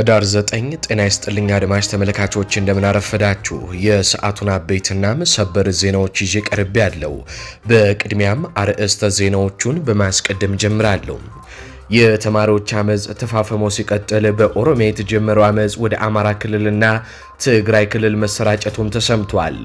ህዳር 9 ጤና ይስጥልኝ አድማጭ ተመልካቾች፣ እንደምናረፈዳችሁ የሰዓቱን አበይትና ሰበር ዜናዎች ይዤ ቀርቤ ያለው። በቅድሚያም አርዕስተ ዜናዎቹን በማስቀደም ጀምራለሁ። የተማሪዎች አመፅ ተፋፈሞ ሲቀጥል በኦሮሚያ የተጀመረው አመፅ ወደ አማራ ክልልና ትግራይ ክልል መሰራጨቱም ተሰምቷል።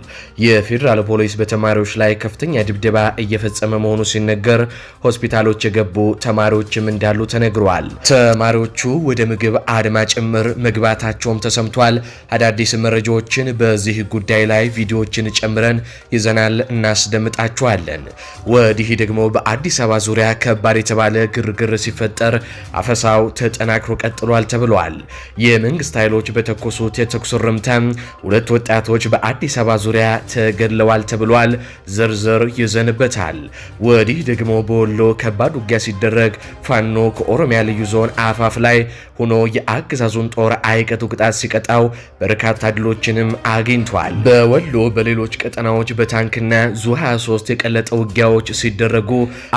የፌዴራል ፖሊስ በተማሪዎች ላይ ከፍተኛ ድብደባ እየፈጸመ መሆኑ ሲነገር ሆስፒታሎች የገቡ ተማሪዎችም እንዳሉ ተነግሯል። ተማሪዎቹ ወደ ምግብ አድማ ጭምር መግባታቸውም ተሰምቷል። አዳዲስ መረጃዎችን በዚህ ጉዳይ ላይ ቪዲዮዎችን ጨምረን ይዘናል፣ እናስደምጣችኋለን። ወዲህ ደግሞ በአዲስ አበባ ዙሪያ ከባድ የተባለ ግርግር ሲፈጠር አፈሳው ተጠናክሮ ቀጥሏል ተብሏል። የመንግስት ኃይሎች በተኮሱት የተኩስ ሳምንታ ሁለት ወጣቶች በአዲስ አበባ ዙሪያ ተገድለዋል ተብሏል። ዝርዝር ይዘንበታል። ወዲህ ደግሞ በወሎ ከባድ ውጊያ ሲደረግ ፋኖ ከኦሮሚያ ልዩ ዞን አፋፍ ላይ ሆኖ የአገዛዙን ጦር አይቀጡ ቅጣት ሲቀጣው በርካታ ድሎችንም አግኝቷል። በወሎ በሌሎች ቀጠናዎች በታንክና ዙ 23 የቀለጠ ውጊያዎች ሲደረጉ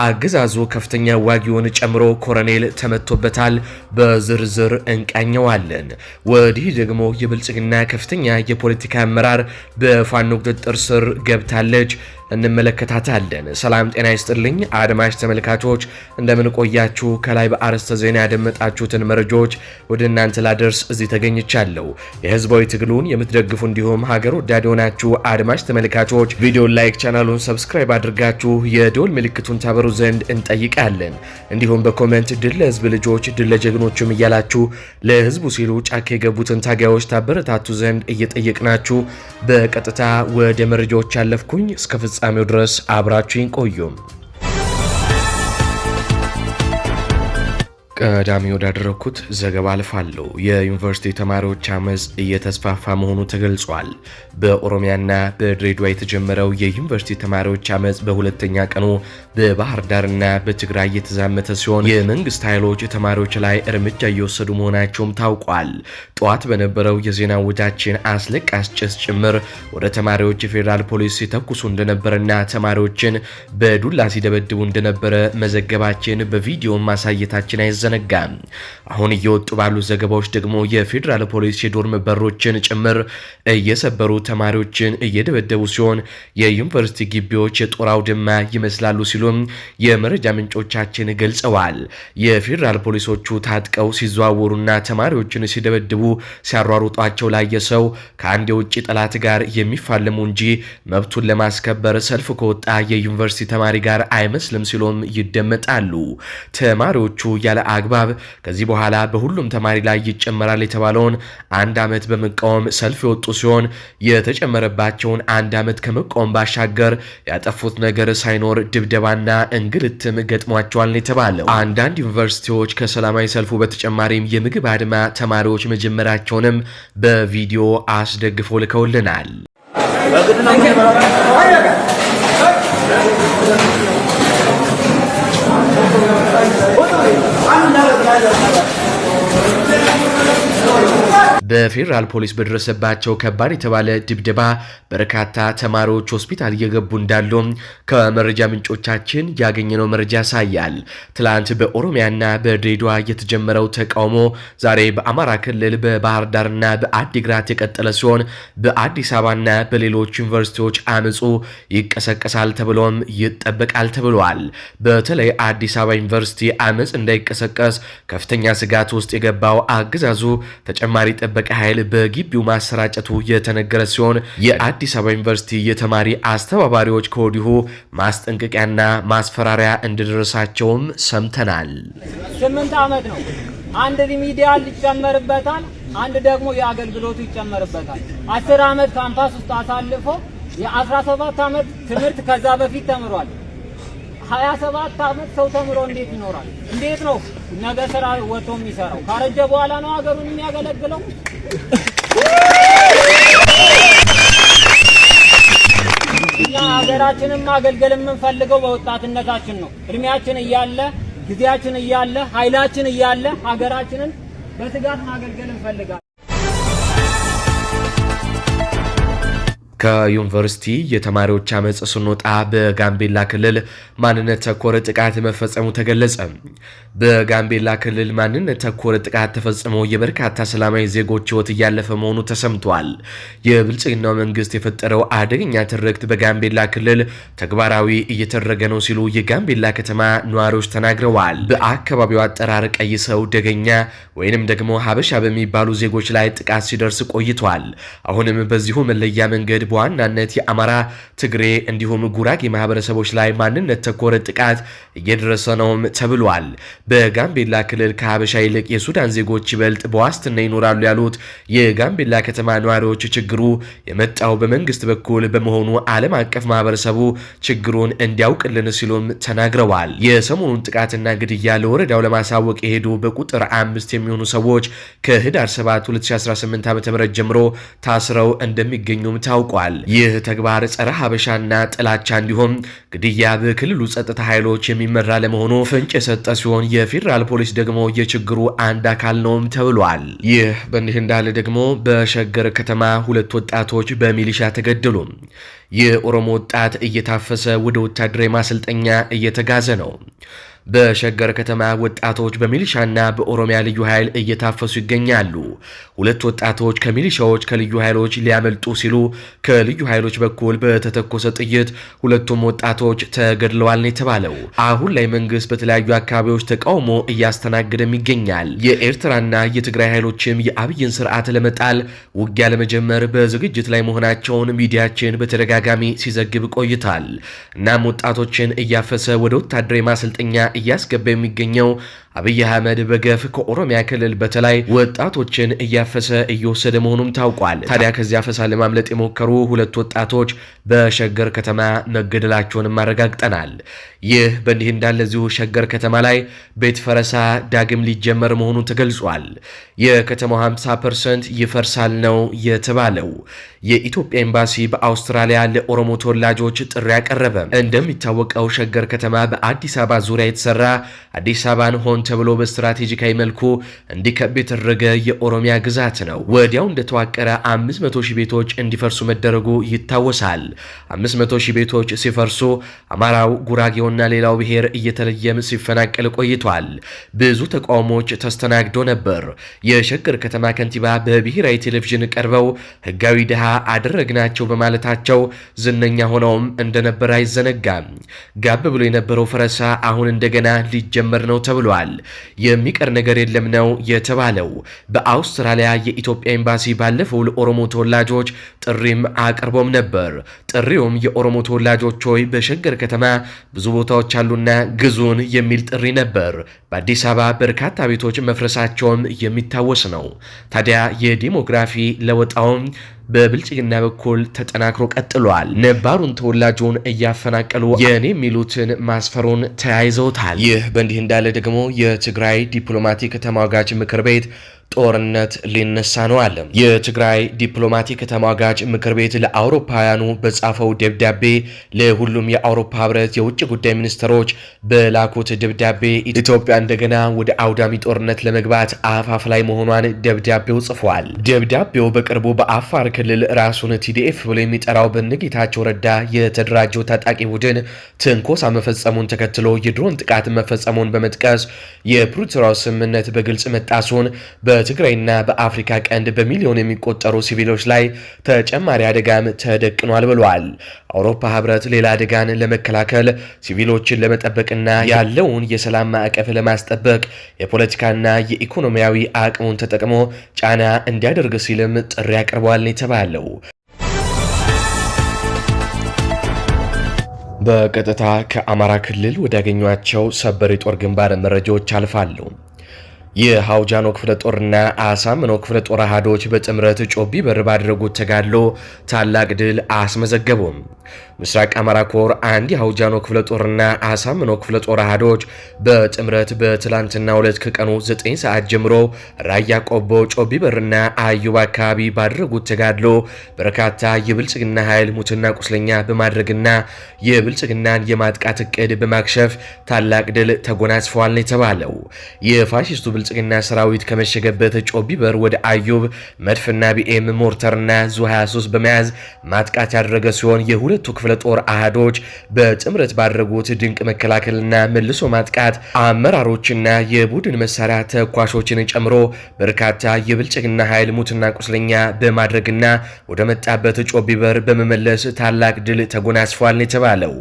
አገዛዙ ከፍተኛ ዋጊውን ጨምሮ ኮረኔል ተመቶበታል። በዝርዝር እንቃኘዋለን። ወዲህ ደግሞ የብልጽግና ከፍተኛ የፖለቲካ አመራር በፋኖ ቁጥጥር ስር ገብታለች። እንመለከታታለን። ሰላም ጤና ይስጥልኝ አድማጭ ተመልካቾች እንደምን ቆያችሁ? ከላይ በአርዕስተ ዜና ያደመጣችሁትን መረጃዎች ወደ እናንተ ላደርስ እዚህ ተገኝቻለሁ። የህዝባዊ ትግሉን የምትደግፉ እንዲሁም ሀገር ወዳድ የሆናችሁ አድማጭ ተመልካቾች ቪዲዮን ላይክ፣ ቻናሉን ሰብስክራይብ አድርጋችሁ የዶል ምልክቱን ታበሩ ዘንድ እንጠይቃለን። እንዲሁም በኮመንት ድል ለህዝብ ልጆች ድል ለጀግኖችም እያላችሁ ለህዝቡ ሲሉ ጫካ የገቡትን ታጋዮች ታበረታቱ ዘንድ እየጠየቅናችሁ በቀጥታ ወደ መረጃዎች ያለፍኩኝ እስከ ፍጻሜው ድረስ አብራችሁን ቆዩም። ቀዳሚ ወዳደረኩት ዘገባ አልፋለሁ። የዩኒቨርሲቲ ተማሪዎች አመፅ እየተስፋፋ መሆኑ ተገልጿል። በኦሮሚያና በድሬዳዋ የተጀመረው የዩኒቨርሲቲ ተማሪዎች አመፅ በሁለተኛ ቀኑ በባህር ዳርና በትግራይ እየተዛመተ ሲሆን የመንግስት ኃይሎች ተማሪዎች ላይ እርምጃ እየወሰዱ መሆናቸውም ታውቋል። ጠዋት በነበረው የዜና ውጃችን አስለቃስ ጭስ ጭምር ወደ ተማሪዎች የፌዴራል ፖሊስ ሲተኩሱ እንደነበረና ተማሪዎችን በዱላ ሲደበድቡ እንደነበረ መዘገባችን በቪዲዮ ማሳየታችን አይዘ አይዘነጋም። አሁን እየወጡ ባሉ ዘገባዎች ደግሞ የፌዴራል ፖሊስ የዶርም በሮችን ጭምር እየሰበሩ ተማሪዎችን እየደበደቡ ሲሆን የዩኒቨርሲቲ ግቢዎች የጦር አውድማ ይመስላሉ ሲሉም የመረጃ ምንጮቻችን ገልጸዋል። የፌዴራል ፖሊሶቹ ታጥቀው ሲዘዋወሩና ተማሪዎችን ሲደበድቡ ሲያሯሩጧቸው ላየ ሰው ከአንድ የውጭ ጠላት ጋር የሚፋለሙ እንጂ መብቱን ለማስከበር ሰልፍ ከወጣ የዩኒቨርሲቲ ተማሪ ጋር አይመስልም ሲሉም ይደመጣሉ። ተማሪዎቹ ያለ አግባብ ከዚህ በኋላ በሁሉም ተማሪ ላይ ይጨመራል የተባለውን አንድ ዓመት በመቃወም ሰልፍ የወጡ ሲሆን የተጨመረባቸውን አንድ ዓመት ከመቃወም ባሻገር ያጠፉት ነገር ሳይኖር ድብደባና እንግልትም ገጥሟቸዋል የተባለው አንዳንድ ዩኒቨርሲቲዎች ከሰላማዊ ሰልፉ በተጨማሪም የምግብ አድማ ተማሪዎች መጀመራቸውንም በቪዲዮ አስደግፎ ልከውልናል። 开始了开始了 በፌዴራል ፖሊስ በደረሰባቸው ከባድ የተባለ ድብደባ በርካታ ተማሪዎች ሆስፒታል እየገቡ እንዳሉ ከመረጃ ምንጮቻችን ያገኘነው መረጃ ያሳያል። ትላንት በኦሮሚያና በድሬዳዋ የተጀመረው ተቃውሞ ዛሬ በአማራ ክልል በባህር ዳርና በአዲግራት የቀጠለ ሲሆን በአዲስ አበባና በሌሎች ዩኒቨርሲቲዎች አመፁ ይቀሰቀሳል ተብሎም ይጠበቃል ተብሏል። በተለይ አዲስ አበባ ዩኒቨርሲቲ አመፅ እንዳይቀሰቀስ ከፍተኛ ስጋት ውስጥ የገባው አገዛዙ ተጨማሪ መጠበቅ ኃይል በግቢው ማሰራጨቱ የተነገረ ሲሆን የአዲስ አበባ ዩኒቨርሲቲ የተማሪ አስተባባሪዎች ከወዲሁ ማስጠንቀቂያና ማስፈራሪያ እንደደረሳቸውም ሰምተናል። ስምንት ዓመት ነው። አንድ ሪሚዲያል ይጨመርበታል፣ አንድ ደግሞ የአገልግሎቱ ይጨመርበታል። አስር ዓመት ካምፓስ ውስጥ አሳልፎ የአስራ ሰባት ዓመት ትምህርት ከዛ በፊት ተምሯል። ሀያ ሰባት አመት ሰው ተምሮ እንዴት ይኖራል? እንዴት ነው ነገ ስራ ወጥቶ የሚሰራው? ካረጀ በኋላ ነው ሀገሩን የሚያገለግለው። እኛ ሀገራችንን ማገልገል የምንፈልገው በወጣትነታችን ነው። እድሜያችን እያለ ጊዜያችን እያለ ኃይላችን እያለ ሀገራችንን በትጋት ማገልገል እንፈልጋለን። ከዩኒቨርሲቲ የተማሪዎች አመፅ ስንወጣ በጋምቤላ ክልል ማንነት ተኮር ጥቃት መፈጸሙ ተገለጸ። በጋምቤላ ክልል ማንነት ተኮር ጥቃት ተፈጽሞ የበርካታ ሰላማዊ ዜጎች ሕይወት እያለፈ መሆኑ ተሰምቷል። የብልጽግናው መንግስት የፈጠረው አደገኛ ትርክት በጋምቤላ ክልል ተግባራዊ እየተደረገ ነው ሲሉ የጋምቤላ ከተማ ነዋሪዎች ተናግረዋል። በአካባቢው አጠራር ቀይ ሰው ደገኛ ወይንም ደግሞ ሀበሻ በሚባሉ ዜጎች ላይ ጥቃት ሲደርስ ቆይቷል። አሁንም በዚሁ መለያ መንገድ በዋናነት የአማራ፣ ትግሬ እንዲሁም ጉራጌ ማህበረሰቦች ላይ ማንነት ተኮር ጥቃት እየደረሰ ነውም ተብሏል። በጋምቤላ ክልል ከሀበሻ ይልቅ የሱዳን ዜጎች ይበልጥ በዋስትና ይኖራሉ ያሉት የጋምቤላ ከተማ ነዋሪዎች ችግሩ የመጣው በመንግስት በኩል በመሆኑ ዓለም አቀፍ ማህበረሰቡ ችግሩን እንዲያውቅልን ሲሉም ተናግረዋል። የሰሞኑን ጥቃትና ግድያ ለወረዳው ለማሳወቅ የሄዱ በቁጥር አምስት የሚሆኑ ሰዎች ከህዳር 7 2018 ዓ.ም ጀምሮ ታስረው እንደሚገኙም ታውቋል። ይህ ተግባር ጸረ ሀበሻና ጥላቻ እንዲሁም ግድያ በክልሉ ጸጥታ ኃይሎች የሚመራ ለመሆኑ ፍንጭ የሰጠ ሲሆን የፌዴራል ፖሊስ ደግሞ የችግሩ አንድ አካል ነውም ተብሏል። ይህ በእንዲህ እንዳለ ደግሞ በሸገር ከተማ ሁለት ወጣቶች በሚሊሻ ተገደሉ። የኦሮሞ ወጣት እየታፈሰ ወደ ወታደራዊ ማሰልጠኛ እየተጋዘ ነው። በሸገር ከተማ ወጣቶች በሚሊሻና በኦሮሚያ ልዩ ኃይል እየታፈሱ ይገኛሉ። ሁለት ወጣቶች ከሚሊሻዎች ከልዩ ኃይሎች ሊያመልጡ ሲሉ ከልዩ ኃይሎች በኩል በተተኮሰ ጥይት ሁለቱም ወጣቶች ተገድለዋል ነው የተባለው። አሁን ላይ መንግስት በተለያዩ አካባቢዎች ተቃውሞ እያስተናገደም ይገኛል። የኤርትራና የትግራይ ኃይሎችም የአብይን ስርዓት ለመጣል ውጊያ ለመጀመር በዝግጅት ላይ መሆናቸውን ሚዲያችን በተደጋጋሚ ሲዘግብ ቆይታል። እናም ወጣቶችን እያፈሰ ወደ ወታደራዊ ማሰልጠኛ እያስገባ የሚገኘው አብይ አህመድ በገፍ ከኦሮሚያ ክልል በተለይ ወጣቶችን እያፈሰ እየወሰደ መሆኑም ታውቋል። ታዲያ ከዚህ አፈሳ ለማምለጥ የሞከሩ ሁለት ወጣቶች በሸገር ከተማ መገደላቸውንም አረጋግጠናል። ይህ በእንዲህ እንዳለ እዚሁ ሸገር ከተማ ላይ ቤት ፈረሳ ዳግም ሊጀመር መሆኑ ተገልጿል። የከተማው 50 ፐርሰንት ይፈርሳል ነው የተባለው። የኢትዮጵያ ኤምባሲ በአውስትራሊያ ለኦሮሞ ተወላጆች ጥሪ አቀረበ። እንደሚታወቀው ሸገር ከተማ በአዲስ አበባ ዙሪያ የተሰራ አዲስ አበባን ሆን ተብሎ በስትራቴጂካዊ መልኩ እንዲከብ የተደረገ የኦሮሚያ ግዛት ነው። ወዲያው እንደተዋቀረ 500 ሺህ ቤቶች እንዲፈርሱ መደረጉ ይታወሳል። 500 ሺህ ቤቶች ሲፈርሱ አማራው፣ ጉራጌውና ሌላው ብሔር እየተለየም ሲፈናቀል ቆይቷል። ብዙ ተቃውሞዎች ተስተናግዶ ነበር። የሸገር ከተማ ከንቲባ በብሔራዊ ቴሌቪዥን ቀርበው ህጋዊ ድሃ አደረግናቸው በማለታቸው ዝነኛ ሆነውም እንደነበር አይዘነጋም። ጋብ ብሎ የነበረው ፈረሳ አሁን እንደገና ሊጀመር ነው ተብሏል። የሚቀር ነገር የለም ነው የተባለው። በአውስትራሊያ የኢትዮጵያ ኤምባሲ ባለፈው ለኦሮሞ ተወላጆች ጥሪም አቅርቦም ነበር። ጥሪውም የኦሮሞ ተወላጆች ሆይ በሸገር ከተማ ብዙ ቦታዎች አሉና ግዙን የሚል ጥሪ ነበር። በአዲስ አበባ በርካታ ቤቶች መፍረሳቸውም የሚታወስ ነው። ታዲያ የዲሞግራፊ ለወጣውም በብልጽግና በኩል ተጠናክሮ ቀጥሏል። ነባሩን ተወላጁን እያፈናቀሉ የኔ የሚሉትን ማስፈሩን ተያይዘውታል። ይህ በእንዲህ እንዳለ ደግሞ የትግራይ ዲፕሎማቲክ ተሟጋች ምክር ቤት ጦርነት ሊነሳ ነው አለ። የትግራይ ዲፕሎማቲክ ተሟጋጅ ምክር ቤት ለአውሮፓውያኑ በጻፈው ደብዳቤ ለሁሉም የአውሮፓ ህብረት የውጭ ጉዳይ ሚኒስትሮች በላኩት ደብዳቤ ኢትዮጵያ እንደገና ወደ አውዳሚ ጦርነት ለመግባት አፋፍ ላይ መሆኗን ደብዳቤው ጽፏል። ደብዳቤው በቅርቡ በአፋር ክልል ራሱን ቲዲኤፍ ብሎ የሚጠራው በንጌታቸው ረዳ የተደራጀው ታጣቂ ቡድን ትንኮሳ መፈጸሙን ተከትሎ የድሮን ጥቃት መፈጸሙን በመጥቀስ የፕሪቶሪያው ስምምነት በግልጽ መጣሱን በ በትግራይና በአፍሪካ ቀንድ በሚሊዮን የሚቆጠሩ ሲቪሎች ላይ ተጨማሪ አደጋም ተደቅኗል ብሏል። አውሮፓ ህብረት ሌላ አደጋን ለመከላከል ሲቪሎችን ለመጠበቅና ያለውን የሰላም ማዕቀፍ ለማስጠበቅ የፖለቲካና የኢኮኖሚያዊ አቅሙን ተጠቅሞ ጫና እንዲያደርግ ሲልም ጥሪ አቅርቧል የተባለው በቀጥታ ከአማራ ክልል ወዳገኟቸው ሰበር የጦር ግንባር መረጃዎች አልፋለሁ። የሃውጃኖ ክፍለ ጦርና አሳምኖ ክፍለ ጦር አሃዶች በጥምረት ጮቢ በር ባደረጉት ተጋድሎ ታላቅ ድል አስመዘገቡም። ምስራቅ አማራ ኮር አንድ የሃውጃኖ ክፍለ ጦርና አሳምኖ ክፍለ ጦር አሃዶች በጥምረት በትላንትና ሁለት ከቀኑ 9 ሰዓት ጀምሮ ራያ ቆቦ ጮቢ በርና አዩብ አካባቢ ባደረጉት ተጋድሎ በርካታ የብልጽግና ኃይል ሙትና ቁስለኛ በማድረግና የብልጽግናን የማጥቃት እቅድ በማክሸፍ ታላቅ ድል ተጎናጽፈዋል ነው የተባለው የፋሽስቱ የብልጽግና ሰራዊት ከመሸገበት ጮቢበር ወደ አዩብ መድፍና ቢኤም ሞርተርና ዙ 23 በመያዝ ማጥቃት ያደረገ ሲሆን የሁለቱ ክፍለ ጦር አህዶች በጥምረት ባደረጉት ድንቅ መከላከልና መልሶ ማጥቃት አመራሮችና የቡድን መሳሪያ ተኳሾችን ጨምሮ በርካታ የብልጽግና ኃይል ሙትና ቁስለኛ በማድረግና ወደ መጣበት ጮቢበር በመመለስ ታላቅ ድል ተጎናስፏል የተባለው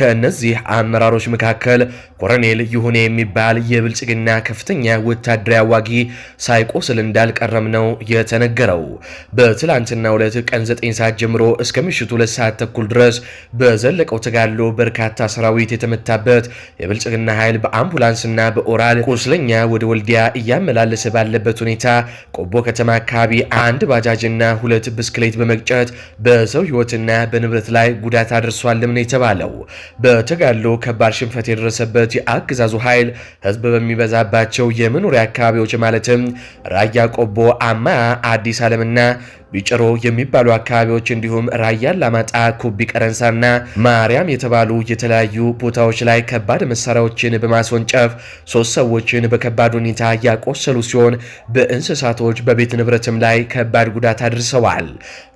ከእነዚህ አመራሮች መካከል ኮረኔል ይሁኔ የሚባል የብልጽግና ከፍተኛ ወታደራዊ አዋጊ ሳይቆስል እንዳልቀረም ነው የተነገረው። በትላንትናው ዕለት ቀን 9 ሰዓት ጀምሮ እስከ ምሽቱ 2 ሰዓት ተኩል ድረስ በዘለቀው ተጋድሎ በርካታ ሰራዊት የተመታበት የብልጽግና ኃይል በአምቡላንስና በኦራል ቁስለኛ ወደ ወልዲያ እያመላለሰ ባለበት ሁኔታ ቆቦ ከተማ አካባቢ አንድ ባጃጅና ሁለት ብስክሌት በመግጨት በሰው ህይወትና በንብረት ላይ ጉዳት አድርሷልም ነው የተባለው። በተጋድሎ ከባድ ሽንፈት የደረሰበት የአገዛዙ ኃይል ህዝብ በሚበዛባቸው የምን መኖሪያ አካባቢዎች ማለትም ራያ ቆቦ፣ አማ፣ አዲስ ዓለምና ቢጭሮ የሚባሉ አካባቢዎች እንዲሁም ራያ ላማጣ፣ ኩቢ ቀረንሳና ማርያም የተባሉ የተለያዩ ቦታዎች ላይ ከባድ መሳሪያዎችን በማስወንጨፍ ሶስት ሰዎችን በከባድ ሁኔታ ያቆሰሉ ሲሆን በእንስሳቶች በቤት ንብረትም ላይ ከባድ ጉዳት አድርሰዋል።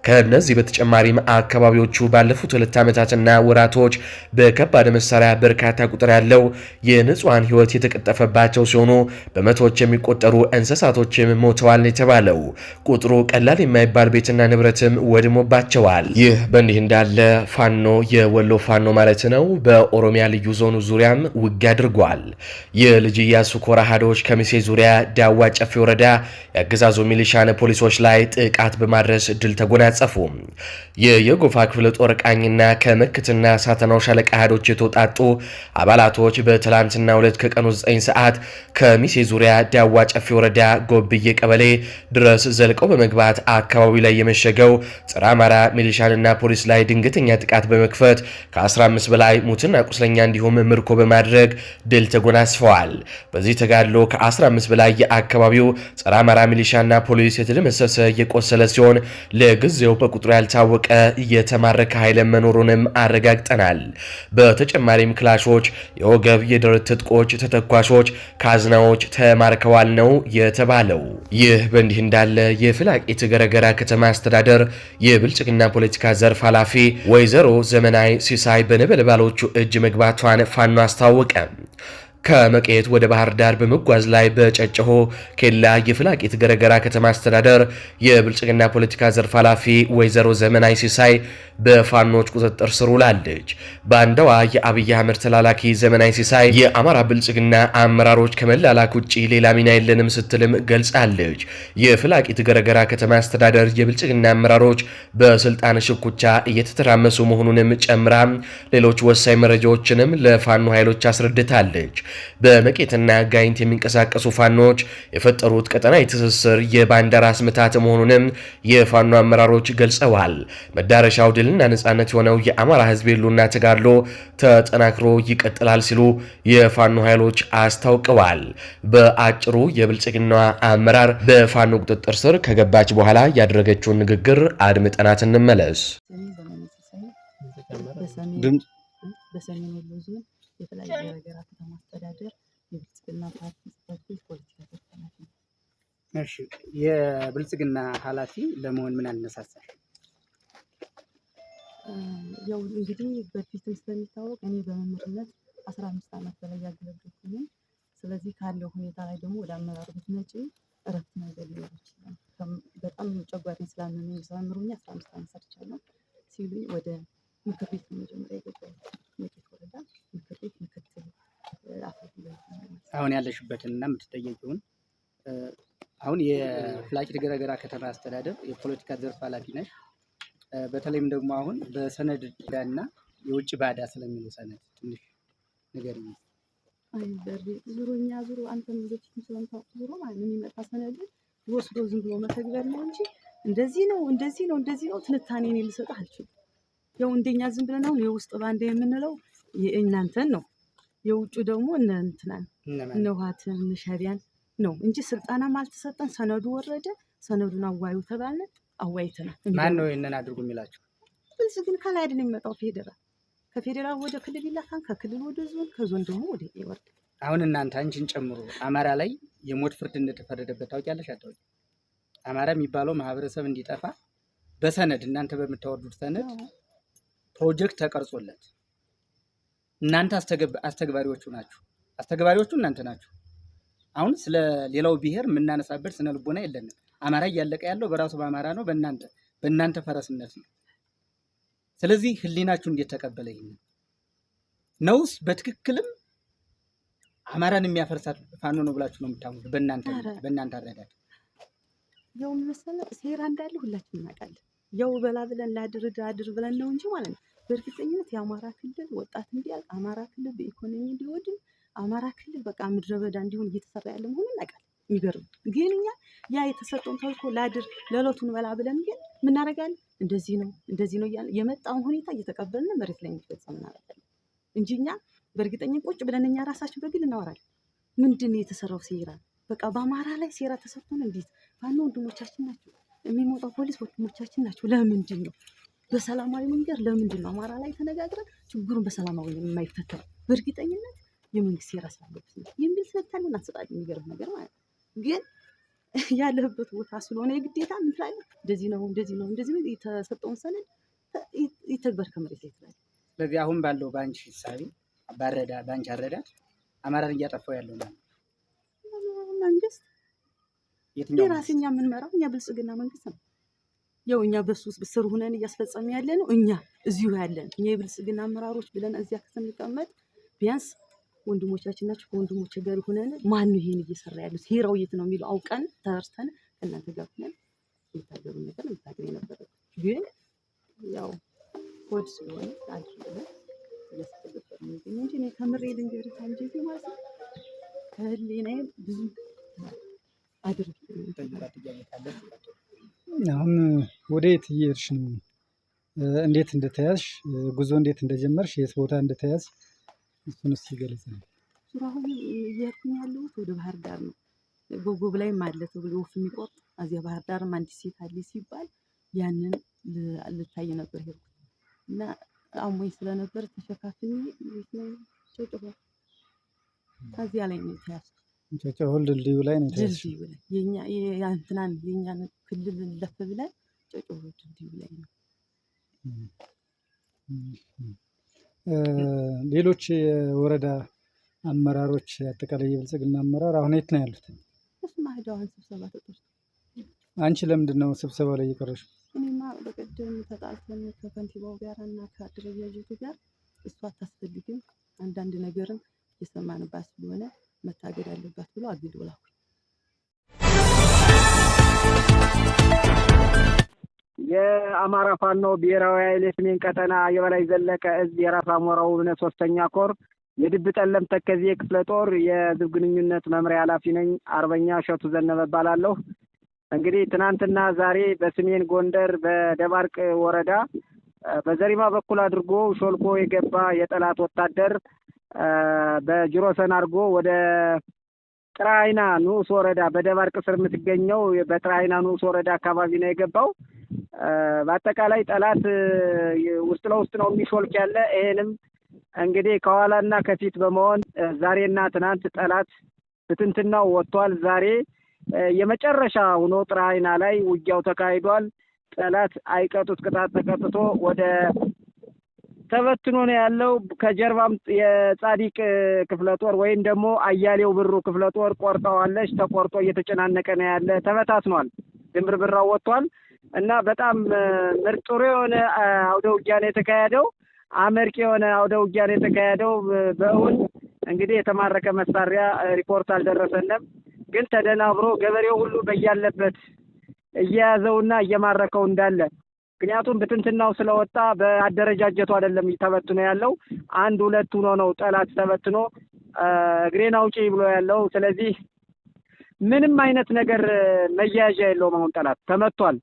ከነዚህ በተጨማሪም አካባቢዎቹ ባለፉት ሁለት ዓመታትና ወራቶች በከባድ መሳሪያ በርካታ ቁጥር ያለው የንጹሐን ሕይወት የተቀጠፈባቸው ሲሆኑ በመቶዎች የሚቆጠሩ እንስሳቶችም ሞተዋል የተባለው ቁጥሩ ቀላል የማይባል ቤትና ንብረትም ወድሞባቸዋል። ይህ በእንዲህ እንዳለ ፋኖ የወሎ ፋኖ ማለት ነው በኦሮሚያ ልዩ ዞኑ ዙሪያም ውጊያ አድርጓል። የልጅ ኢያሱ ኮር አሃዶች ከሚሴ ዙሪያ ዳዋ ጨፌ ወረዳ የአገዛዙ ሚሊሻን ፖሊሶች ላይ ጥቃት በማድረስ ድል ተጎናጽ አያጸፉም። የየጎፋ ክፍለ ጦር ቃኝና ከምክትና ሳተናው ሻለቃ አህዶች የተውጣጡ አባላቶች በትላንትና ሁለት ከቀኑ 9 ሰዓት ከሚሴ ዙሪያ ዳዋ ጨፌ ወረዳ ጎብዬ ቀበሌ ድረስ ዘልቀው በመግባት አካባቢው ላይ የመሸገው ጸረ አማራ ሚሊሻንና ፖሊስ ላይ ድንገተኛ ጥቃት በመክፈት ከ15 በላይ ሙትና ቁስለኛ እንዲሁም ምርኮ በማድረግ ድል ተጎናስፈዋል። በዚህ ተጋድሎ ከ15 በላይ የአካባቢው ጸረ አማራ ሚሊሻና ፖሊስ የተደመሰሰ የቆሰለ ሲሆን ለግዝ ለጊዜው በቁጥሩ ያልታወቀ የተማረከ ኃይል መኖሩንም አረጋግጠናል። በተጨማሪም ክላሾች፣ የወገብ የደረት ትጥቆች፣ ተተኳሾች፣ ካዝናዎች ተማርከዋል ነው የተባለው። ይህ በእንዲህ እንዳለ የፍላቂት ገረገራ ከተማ አስተዳደር የብልጽግና ፖለቲካ ዘርፍ ኃላፊ ወይዘሮ ዘመናዊ ሲሳይ በነበልባሎቹ እጅ መግባቷን ፋኖ አስታወቀ። ከመቄት ወደ ባህር ዳር በመጓዝ ላይ በጨጨሆ ኬላ የፍላቂት ገረገራ ከተማ አስተዳደር የብልጽግና ፖለቲካ ዘርፍ ኃላፊ ወይዘሮ ዘመናዊ ሲሳይ በፋኖች ቁጥጥር ስር ውላለች። በአንደዋ የአብይ አህመድ ተላላኪ ዘመናዊ ሲሳይ የአማራ ብልጽግና አመራሮች ከመላላክ ውጭ ሌላ ሚና የለንም ስትልም ገልጻለች። የፍላቂት ገረገራ ከተማ አስተዳደር የብልጽግና አመራሮች በስልጣን ሽኩቻ እየተተራመሱ መሆኑንም ጨምራ ሌሎች ወሳኝ መረጃዎችንም ለፋኖ ኃይሎች አስረድታለች። በመቄትና ጋይንት የሚንቀሳቀሱ ፋኖች የፈጠሩት ቀጠናዊ ትስስር የባንዲራ ራስ ምታት መሆኑንም የፋኖ አመራሮች ገልጸዋል። መዳረሻው ድልና ነጻነት የሆነው የአማራ ህዝብ የሉና ተጋድሎ ተጠናክሮ ይቀጥላል ሲሉ የፋኖ ኃይሎች አስታውቀዋል። በአጭሩ የብልጽግና አመራር በፋኖ ቁጥጥር ስር ከገባች በኋላ ያደረገችውን ንግግር አድምጠናት እንመለስ። በሰሜን ወሎ ዞን የተለያዩ ነገራት ለማስተዳደር የብልጽግና ፓርቲ ጽሕፈት ቤት ፖለቲካ ዘርፍ ኃላፊ ነው። እሺ፣ የብልጽግና ኃላፊ ለመሆን ምን አነሳሳል? ያው እንግዲህ በፊትም ስለሚታወቅ እኔ በመምህርነት አስራ አምስት ዓመት በላይ ያገለገልኩኝ ስለዚህ ካለው ሁኔታ ላይ ደግሞ ወደ አመራሩ ብትመጪ እረፍት ነገር ሊኖር ይችላል። በጣም ጨጓራዬን ስላመመኝ ስለምሩኝ አስራ አምስት ዓመት ሰርቻለሁ ሲሉኝ ወደ ምክር ቤት ነው መጀመሪያ አሁን ያለሽበትን እና የምትጠየቂውን አሁን የፍላቂት ገረገራ ከተማ አስተዳደር የፖለቲካ ዘርፍ ኃላፊ ነሽ። በተለይም ደግሞ አሁን በሰነድ ዕዳና የውጭ ባዳ ስለሚለው ሰነድ ትንሽ ነገር ነው። ዙሮ እኛ ዙሮ አንተም በፊትም ስለምታውቁ ዙሮ ማለት የሚመጣ ሰነድ ወስዶ ዝም ብሎ መተግበር ነው እንጂ እንደዚህ ነው እንደዚህ ነው እንደዚህ ነው ትንታኔ እኔ ልሰጥ አልችልም። ያው እንደኛ ዝም ብለን አሁን የውስጥ ባንዳ የምንለው የእናንተን ነው፣ የውጩ ደግሞ እነ እንትናን ህወሓትን ሻዕቢያን ነው እንጂ ስልጠናም አልተሰጠን። ሰነዱ ወረደ። ሰነዱን አዋዩ ተባልን። አዋይተናል። ማን ነው ይህንን አድርጉ የሚላቸው? ብልጽግና ከላይ አይደል የሚመጣው ፌዴራል ከፌዴራል ወደ ክልል ይላካል። ከክልል ወደ ዞን፣ ከዞን ደግሞ ወደ ይወርዳል። አሁን እናንተ አንቺን ጨምሮ አማራ ላይ የሞት ፍርድ እንደተፈረደበት ታውቂያለሽ አታውቂም? አማራ የሚባለው ማህበረሰብ እንዲጠፋ በሰነድ እናንተ በምታወርዱት ሰነድ ፕሮጀክት ተቀርጾለት እናንተ አስተግባሪዎቹ ናችሁ። አስተግባሪዎቹ እናንተ ናችሁ። አሁን ስለ ሌላው ብሔር የምናነሳበት ስነ ልቦና የለንም። አማራ እያለቀ ያለው በራሱ በአማራ ነው፣ በእናንተ በእናንተ ፈረስነት ነው። ስለዚህ ህሊናችሁ እንዴት ተቀበለ? ይህን ነውስ በትክክልም አማራን የሚያፈርሳት ፋኖ ነው ብላችሁ ነው የምታምኑት? በእናንተ በእናንተ አረዳድ ያው መሰለ ሴራ እንዳለ ሁላችንም እናውቃለን። ያው በላ ብለን ላድርድ አድር ብለን ነው እንጂ ማለት ነው። በእርግጠኝነት የአማራ ክልል ወጣት እንዲያልቅ፣ አማራ ክልል በኢኮኖሚ እንዲወድም አማራ ክልል በቃ ምድረ በዳ እንዲሆን እየተሰራ ያለ መሆኑን እናውቃለን። የሚገርም ግን እኛ ያ የተሰጠውን ተልኮ ላድር ለሎቱን በላ ብለን ግን እናደርጋለን እንደዚህ ነው እንደዚህ ነው እያለ የመጣውን ሁኔታ እየተቀበልን መሬት ላይ የሚፈጸም እናደርጋለን እንጂ እኛ በእርግጠኛ ቁጭ ብለን እኛ ራሳችን በግል እናወራለን። ምንድን ነው የተሰራው ሴራ? በቃ በአማራ ላይ ሴራ ተሰርቶን እንዴት ባኑ ወንድሞቻችን ናቸው የሚመጣው ፖሊስ ወንድሞቻችን ናቸው። ለምንድን ነው በሰላማዊ መንገድ ለምንድን ነው አማራ ላይ ተነጋግረን ችግሩን በሰላማዊ የማይፈታው? በእርግጠኝነት የመንግስት የራስ ነው የሚል ስለታለን አሰጣጭ የሚገርም ነገር ማለት ነው። ግን ያለህበት ቦታ ስለሆነ የግዴታ ምን ትላለህ? እንደዚህ ነው እንደዚህ ነው እንደዚህ ነው የተሰጠውን ሰነድ ይተግበር ከመሬት ላይ ትላለህ። ስለዚህ አሁን ባለው በአንቺ ሳቢ ባረዳ በአንቺ አረዳድ አማራን እያጠፋው ያለው ነው መንግስት የራሴ እኛ የምንመራው እኛ ብልጽግና መንግስት ነው። ያው እኛ በሱ ውስጥ ስር ሁነን እያስፈጸምን ያለ ነው። እኛ እዚሁ ያለን እኛ የብልጽግና አመራሮች ብለን እዚያ ከተንቀመጥ ቢያንስ ወንድሞቻችን ናቸው። ከወንድሞች ጋር ሆነን ማን ነው ይሄን እየሰራ ያሉት ሄራው የት ነው የሚለው አውቀን ተርተን ከእናንተ ጋር ሆነን የምታገሩ ነገር የምታገር የነበረ ግን ያው ኮድ ስለሆነ አድርገን ሆነ የሚገኝ እንጂ እኔ ከምሬ ልንገርህ እንጂ ማለት ነው ከህሊናዬ ብዙ አድርግ አሁን ወደ የት እየሄድሽ ነው? እንዴት እንደተያዝሽ ጉዞ እንዴት እንደጀመርሽ የት ቦታ እንደተያዝ እሱን እስኪ ሱራሁን እየሄድኩኝ ያለሁት ወደ ባህር ዳር ነው። ጎጎብ ላይ አለ ተብሎ ወፍ የሚቆርጥ እዚያ ባህር ዳርም አንዲት ሴት አለች ሲባል ያንን ልታይ ነበር ሄድኩት እና አሞኝ ስለነበር ተሸካክኝ ጨጨሆ ከዚያ ላይ ነው የተያዝኩት። ጨጨሆ ድልድዩ ላይ ነው ድልድዩ ላይ የእኛን ክልል ለፍ ብለን ጨጨሆ ድልድዩ ላይ ነው። ሌሎች የወረዳ አመራሮች አጠቃላይ የብልጽግና አመራር አሁን የት ነው ያሉት? አንቺ ለምንድን ነው ስብሰባ ላይ እየቀረሽ? እኔማ በቅድም ተጣልተን ከከንቲባው ጋር እና ከአደረጃጀቱ ጋር እሷ አታስፈልግም አንዳንድ ነገርም እየሰማንባት ስለሆነ መታገድ አለባት ብሎ አግዶ ላኩኝ። የአማራ ፋኖ ብሔራዊ ኃይል ስሜን ቀጠና የበላይ ዘለቀ እዝ የራስ አሞራው እውነት ሶስተኛ ኮር የድብ ጠለም ተከዜ ክፍለ ጦር የህዝብ ግንኙነት መምሪያ ኃላፊ ነኝ። አርበኛ እሸቱ ዘነበ እባላለሁ። እንግዲህ ትናንትና ዛሬ በስሜን ጎንደር በደባርቅ ወረዳ በዘሪማ በኩል አድርጎ ሾልኮ የገባ የጠላት ወታደር በጅሮሰን አድርጎ ወደ ጥራይና ንዑስ ወረዳ በደባርቅ ስር የምትገኘው በጥራይና ንዑስ ወረዳ አካባቢ ነው የገባው። በአጠቃላይ ጠላት ውስጥ ለውስጥ ነው የሚሾልክ ያለ። ይሄንም እንግዲህ ከኋላና ከፊት በመሆን ዛሬና ትናንት ጠላት ብትንትናው ወጥቷል። ዛሬ የመጨረሻ ሆኖ ጥራ አይና ላይ ውጊያው ተካሂዷል። ጠላት አይቀጡት ቅጣት ተቀጥቶ ወደ ተበትኖ ነው ያለው። ከጀርባም የጻዲቅ ክፍለ ጦር ወይም ደግሞ አያሌው ብሩ ክፍለ ጦር ቆርጠዋለች። ተቆርጦ እየተጨናነቀ ነው ያለ። ተበታትኗል። ድንብርብራው ወጥቷል። እና በጣም ምርጥ ጥሩ የሆነ አውደ ውጊያ ነው የተካሄደው። አመርቂ የሆነ አውደ ውጊያ ነው የተካሄደው። በእውን እንግዲህ የተማረከ መሳሪያ ሪፖርት አልደረሰንም፣ ግን ተደናብሮ ገበሬው ሁሉ በያለበት እየያዘውና እየማረከው እንዳለ ምክንያቱም ብትንትናው ስለወጣ በአደረጃጀቱ አይደለም ተበትኖ ያለው አንድ ሁለት ሆኖ ነው ጠላት ተበትኖ እግሬን አውጪ ብሎ ያለው። ስለዚህ ምንም አይነት ነገር መያያዣ የለውም። አሁን ጠላት ተመቷል።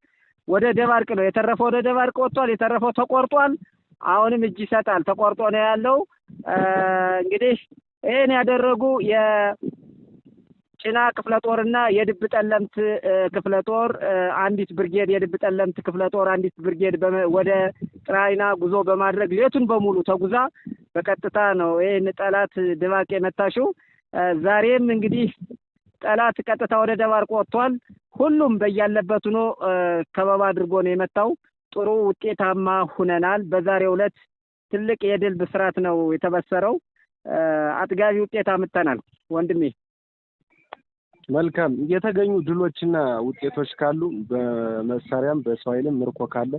ወደ ደባርቅ ነው የተረፈው። ወደ ደባርቅ ወጥቷል። የተረፈው ተቆርጧል። አሁንም እጅ ይሰጣል። ተቆርጦ ነው ያለው። እንግዲህ ይህን ያደረጉ የጭና ክፍለ ጦርና የድብ ጠለምት ክፍለ ጦር አንዲት ብርጌድ፣ የድብ ጠለምት ክፍለ ጦር አንዲት ብርጌድ ወደ ጥራይና ጉዞ በማድረግ ሌቱን በሙሉ ተጉዛ በቀጥታ ነው ይህን ጠላት ድባቅ የመታሽው። ዛሬም እንግዲህ ጠላት ቀጥታ ወደ ደባርቅ ወጥቷል። ሁሉም በያለበት ሆኖ ከበባ አድርጎ ነው የመታው። ጥሩ ውጤታማ ሁነናል። በዛሬ ዕለት ትልቅ የድል ብስራት ነው የተበሰረው። አጥጋቢ ውጤት አምጥተናል ወንድሜ። መልካም የተገኙ ድሎችና ውጤቶች ካሉ በመሳሪያም በሰው ኃይልም ምርኮ ካለ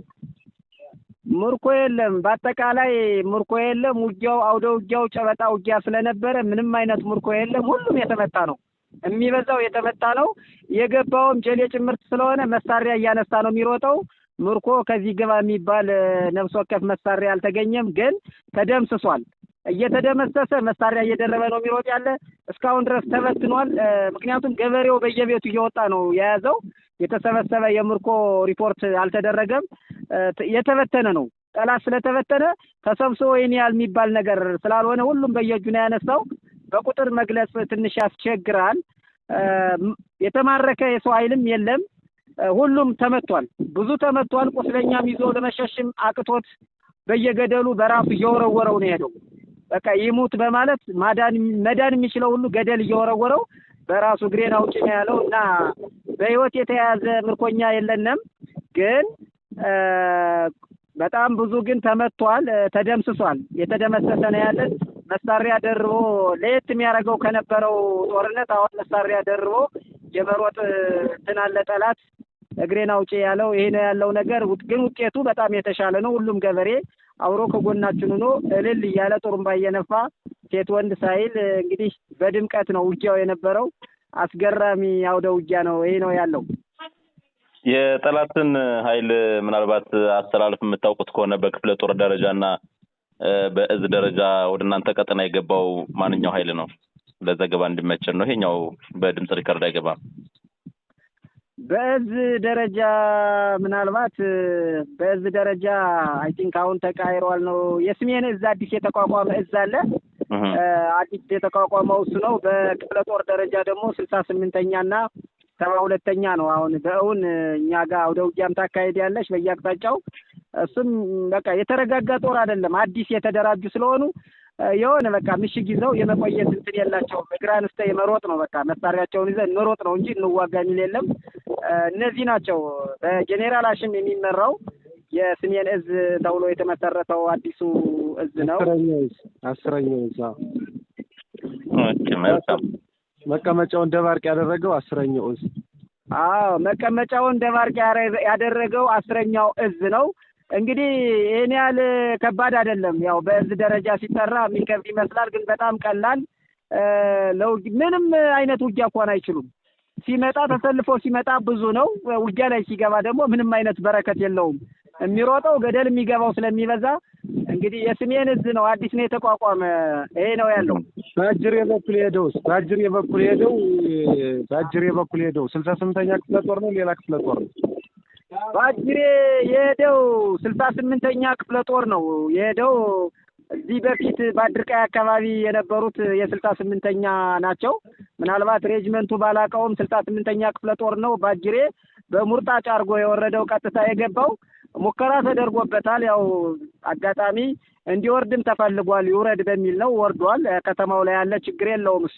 ምርኮ የለም። በአጠቃላይ ምርኮ የለም። ውጊያው አውደ ውጊያው ጨበጣ ውጊያ ስለነበረ ምንም አይነት ምርኮ የለም። ሁሉም የተመታ ነው። የሚበዛው የተመታ ነው። የገባውም ጀሌ ጭምርት ስለሆነ መሳሪያ እያነሳ ነው የሚሮጠው። ምርኮ ከዚህ ግባ የሚባል ነፍስ ወከፍ መሳሪያ አልተገኘም፣ ግን ተደምስሷል። እየተደመሰሰ መሳሪያ እየደረበ ነው የሚሮጥ ያለ። እስካሁን ድረስ ተበትኗል። ምክንያቱም ገበሬው በየቤቱ እየወጣ ነው የያዘው። የተሰበሰበ የምርኮ ሪፖርት አልተደረገም። የተበተነ ነው ጠላት ስለተበተነ ተሰብስቦ ይህን ያህል የሚባል ነገር ስላልሆነ ሁሉም በየእጁ ነው ያነሳው። በቁጥር መግለጽ ትንሽ ያስቸግራል። የተማረከ የሰው ኃይልም የለም። ሁሉም ተመቷል፣ ብዙ ተመቷል። ቁስለኛም ይዞ ለመሸሽም አቅቶት በየገደሉ በራሱ እየወረወረው ነው ሄደው በቃ ይሙት በማለት መዳን የሚችለው ሁሉ ገደል እየወረወረው በራሱ እግሬን አውጪ ነው ያለው እና በህይወት የተያያዘ ምርኮኛ የለንም ግን በጣም ብዙ ግን ተመቷል፣ ተደምስሷል። የተደመሰሰ ነው ያለን መሳሪያ ደርቦ ለየት የሚያደርገው ከነበረው ጦርነት አሁን መሳሪያ ደርቦ የመሮጥ እንትን አለ ጠላት እግሬን አውጪ ያለው ይሄ ነው ያለው ነገር። ግን ውጤቱ በጣም የተሻለ ነው። ሁሉም ገበሬ አብሮ ከጎናችን ሆኖ እልል እያለ ጡሩምባ እየነፋ ሴት ወንድ ሳይል እንግዲህ በድምቀት ነው ውጊያው የነበረው። አስገራሚ አውደ ውጊያ ነው ይሄ ነው ያለው። የጠላትን ኃይል ምናልባት አሰላለፍ የምታውቁት ከሆነ በክፍለ ጦር እና በእዝ ደረጃ ወደ እናንተ ቀጠና የገባው ማንኛው ኃይል ነው? ለዘገባ እንዲመቸን ነው። ይሄኛው በድምፅ ሪከርድ አይገባም። በእዝ ደረጃ ምናልባት በእዝ ደረጃ አይ ቲንክ አሁን ተቃይሯል ነው። የስሜን እዝ አዲስ የተቋቋመ እዝ አለ። አዲስ የተቋቋመው እሱ ነው። በክፍለ ጦር ደረጃ ደግሞ ስልሳ ስምንተኛ እና ሰባ ሁለተኛ ነው። አሁን በእውን እኛ ጋር አውደ ውጊያም ታካሄድ ያለች በየአቅጣጫው እሱም በቃ የተረጋጋ ጦር አይደለም። አዲስ የተደራጁ ስለሆኑ የሆነ በቃ ምሽግ ይዘው የመቆየት እንትን የላቸውም። እግር አንስተ የመሮጥ ነው በቃ መሳሪያቸውን ይዘ እንሮጥ ነው እንጂ እንዋጋ የሚል የለም። እነዚህ ናቸው በጄኔራል አሽም የሚመራው የስሜን እዝ ተብሎ የተመሰረተው አዲሱ እዝ ነው። አስረኛ እዝ አስረኛ እዝ መልካም መቀመጫውን ደባርቅ ያደረገው አስረኛው እዝ። አዎ መቀመጫውን ደባርቅ ያደረገው አስረኛው እዝ ነው። እንግዲህ ይህን ያህል ከባድ አይደለም። ያው በእዝ ደረጃ ሲጠራ የሚከብድ ይመስላል፣ ግን በጣም ቀላል ለው ምንም አይነት ውጊያ እንኳን አይችሉም። ሲመጣ ተሰልፎ ሲመጣ ብዙ ነው። ውጊያ ላይ ሲገባ ደግሞ ምንም አይነት በረከት የለውም። የሚሮጠው ገደል የሚገባው ስለሚበዛ እንግዲህ የስሜን እዝ ነው። አዲስ ነው የተቋቋመ። ይሄ ነው ያለው። በአጅሬ በኩል ሄደው በአጅሬ በኩል ሄደው በአጅሬ በኩል ሄደው ስልሳ ስምንተኛ ክፍለ ጦር ነው። ሌላ ክፍለ ጦር ነው። በአጅሬ የሄደው ስልሳ ስምንተኛ ክፍለ ጦር ነው የሄደው። እዚህ በፊት በአድርቃይ አካባቢ የነበሩት የስልሳ ስምንተኛ ናቸው። ምናልባት ሬጅመንቱ ባላቀውም ስልሳ ስምንተኛ ክፍለ ጦር ነው። በአጅሬ በሙርጣ ጫርጎ የወረደው ቀጥታ የገባው ሙከራ ተደርጎበታል። ያው አጋጣሚ እንዲወርድም ተፈልጓል። ይውረድ በሚል ነው ወርዷል። ከተማው ላይ ያለ ችግር የለውም እሱ